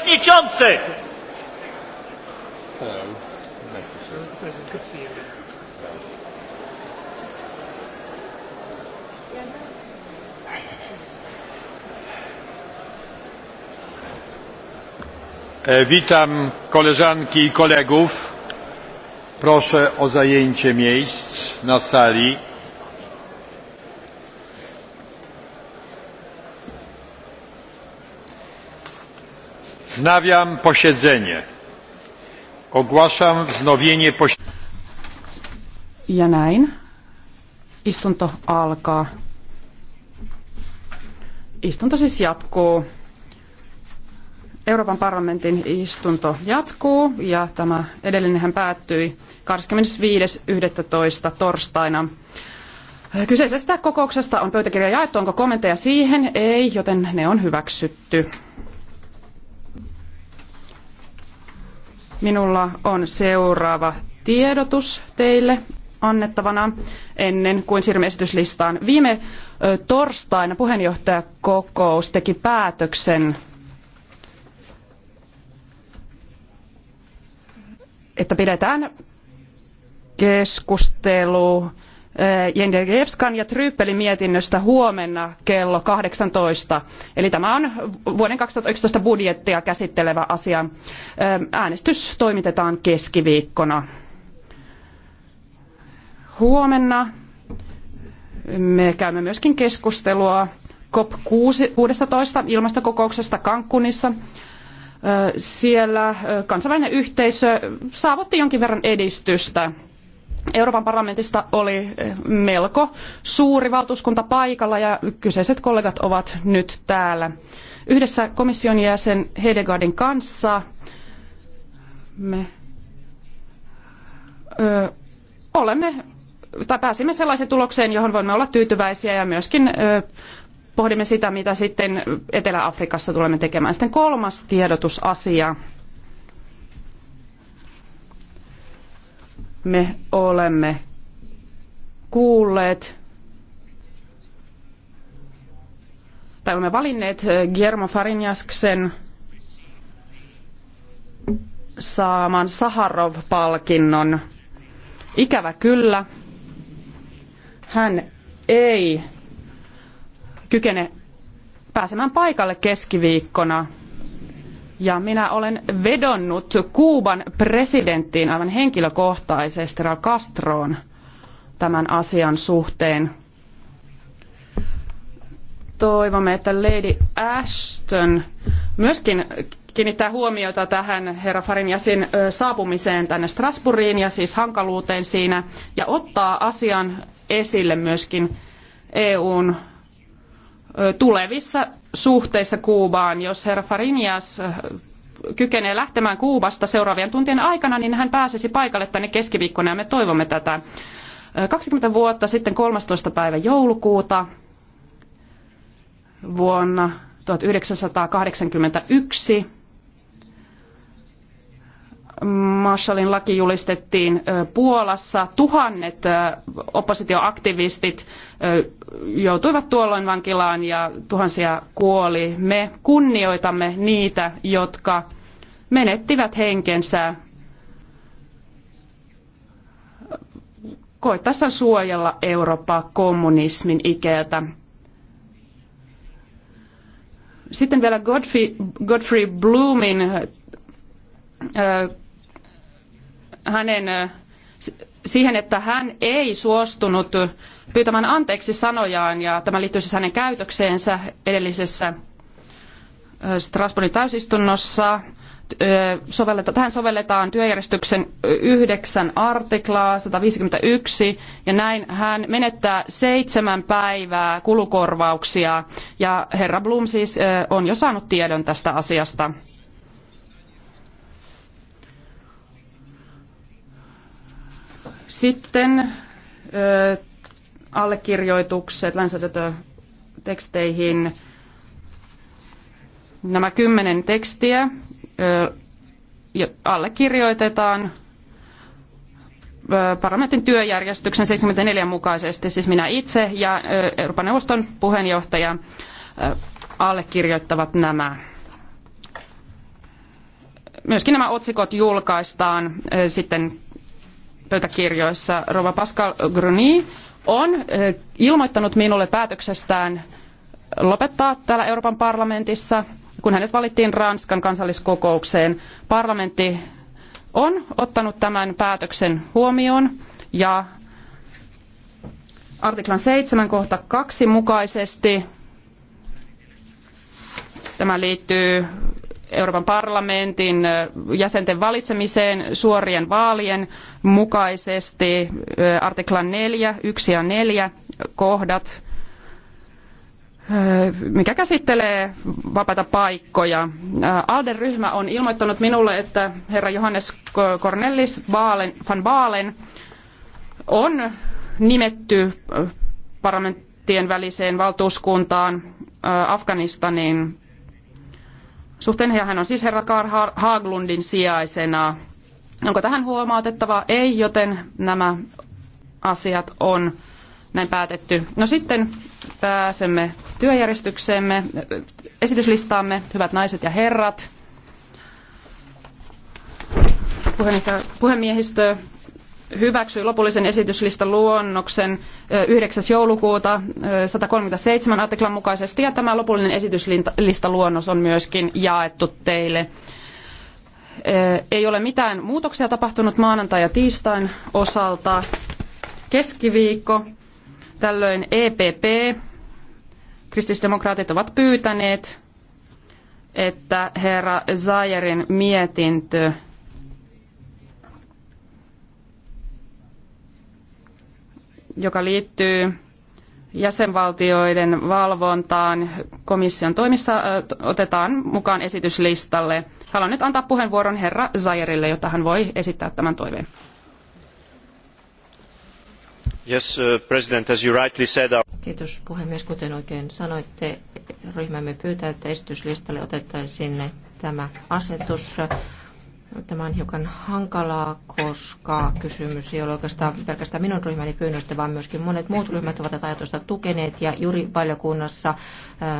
przewodniczący! E, witam koleżanki i kolegów. Proszę o zajęcie miejsc na sali. Wznawiam posiedzenie. Ogłaszam wznowienie posiedzenia. Ja näin. Istunto alkaa. Istunto siis jatkuu. Euroopan parlamentin istunto jatkuu ja tämä edellinenhän päättyi 25.11. torstaina. Kyseisestä kokouksesta on pöytäkirja jaettu. Onko kommentteja siihen? Ei, joten ne on hyväksytty. Minulla on seuraava tiedotus teille annettavana ennen kuin siirrymme esityslistaan. Viime torstaina puheenjohtajakokous teki päätöksen, että pidetään keskustelu Jendeljevskan ja Tryppelin mietinnöstä huomenna kello 18. Eli tämä on vuoden 2011 budjettia käsittelevä asia. Äänestys toimitetaan keskiviikkona. Huomenna me käymme myöskin keskustelua COP16 ilmastokokouksesta kankkunissa. siellä kansainvälinen yhteisö saavutti jonkin verran edistystä. Euroopan parlamentista oli eh, melko suuri valtuuskunta paikalla ja kyseiset kollegat ovat nyt täällä. Yhdessä komission jäsen Hedegaardin kanssa me ö, olemme tai pääsimme sellaiseen tulokseen, johon voimme olla tyytyväisiä ja myöskin ö, pohdimme sitä, mitä sitten Etelä-Afrikassa tulemme tekemään. Sitten kolmas tiedotusasia. me olemme kuulleet tai olemme valinneet eh, Guillermo Farinjasksen saaman Saharov-palkinnon. Ikävä kyllä, hän ei kykene pääsemään paikalle keskiviikkona – ja minä olen vedonnut Kuuban presidenttiin aivan henkilökohtaisesti Raul Castroon tämän asian suhteen. Toivomme, että Lady Ashton myöskin kiinnittää huomiota tähän herra Farin saapumiseen tänne Strasbourgiin ja siis hankaluuteen siinä ja ottaa asian esille myöskin EUn tulevissa suhteissa Kuubaan. Jos herra Farinias kykenee lähtemään Kuubasta seuraavien tuntien aikana, niin hän pääsisi paikalle tänne keskiviikkona ja me toivomme tätä. 20 vuotta sitten 13. päivä joulukuuta vuonna 1981 Marshallin laki julistettiin Puolassa. Tuhannet oppositioaktivistit joutuivat tuolloin vankilaan ja tuhansia kuoli. Me kunnioitamme niitä, jotka menettivät henkensä koettaessa suojella Eurooppaa kommunismin ikeltä. Sitten vielä Godfrey, Godfrey Bloomin hänen, siihen, että hän ei suostunut pyytämään anteeksi sanojaan ja tämä liittyy siis hänen käytökseensä edellisessä Strasbourgin täysistunnossa. Sovelleta, tähän sovelletaan työjärjestyksen 9 artiklaa 151 ja näin hän menettää seitsemän päivää kulukorvauksia ja herra Blum siis on jo saanut tiedon tästä asiasta. Sitten ö, allekirjoitukset lainsäädäntöteksteihin. Nämä kymmenen tekstiä ö, allekirjoitetaan parlamentin työjärjestyksen 74 mukaisesti, siis minä itse ja Euroopan neuvoston puheenjohtaja allekirjoittavat nämä. Myöskin nämä otsikot julkaistaan sitten pöytäkirjoissa. Rova Pascal Gruny on ilmoittanut minulle päätöksestään lopettaa täällä Euroopan parlamentissa, kun hänet valittiin Ranskan kansalliskokoukseen. Parlamentti on ottanut tämän päätöksen huomioon ja artiklan 7 kohta 2 mukaisesti tämä liittyy Euroopan parlamentin jäsenten valitsemiseen suorien vaalien mukaisesti artiklan 4, 1 ja 4 kohdat, mikä käsittelee vapaita paikkoja. ALDE-ryhmä on ilmoittanut minulle, että herra Johannes Cornelis van Baalen on nimetty parlamenttien väliseen valtuuskuntaan Afganistanin suhteen. Ja hän on siis herra Karl Haglundin sijaisena. Onko tähän huomautettavaa? Ei, joten nämä asiat on näin päätetty. No sitten pääsemme työjärjestykseemme, esityslistaamme, hyvät naiset ja herrat. Puhemiehistö hyväksyi lopullisen esityslistan luonnoksen 9. joulukuuta 137 artiklan mukaisesti ja tämä lopullinen esityslista luonnos on myöskin jaettu teille. Ei ole mitään muutoksia tapahtunut maanantai ja tiistain osalta. Keskiviikko, tällöin EPP, kristillisdemokraatit ovat pyytäneet, että herra Zajerin mietintö joka liittyy jäsenvaltioiden valvontaan komission toimissa otetaan mukaan esityslistalle. Haluan nyt antaa puheenvuoron herra Zairille, jotta hän voi esittää tämän toiveen. Yes, uh, president, as you rightly said, our... Kiitos puhemies. Kuten oikein sanoitte, ryhmämme pyytää, että esityslistalle otettaisiin tämä asetus. Tämä on hiukan hankalaa, koska kysymys ei ole oikeastaan pelkästään minun ryhmäni pyynnöstä, vaan myöskin monet muut ryhmät ovat tätä ajatusta tukeneet. Ja juuri valiokunnassa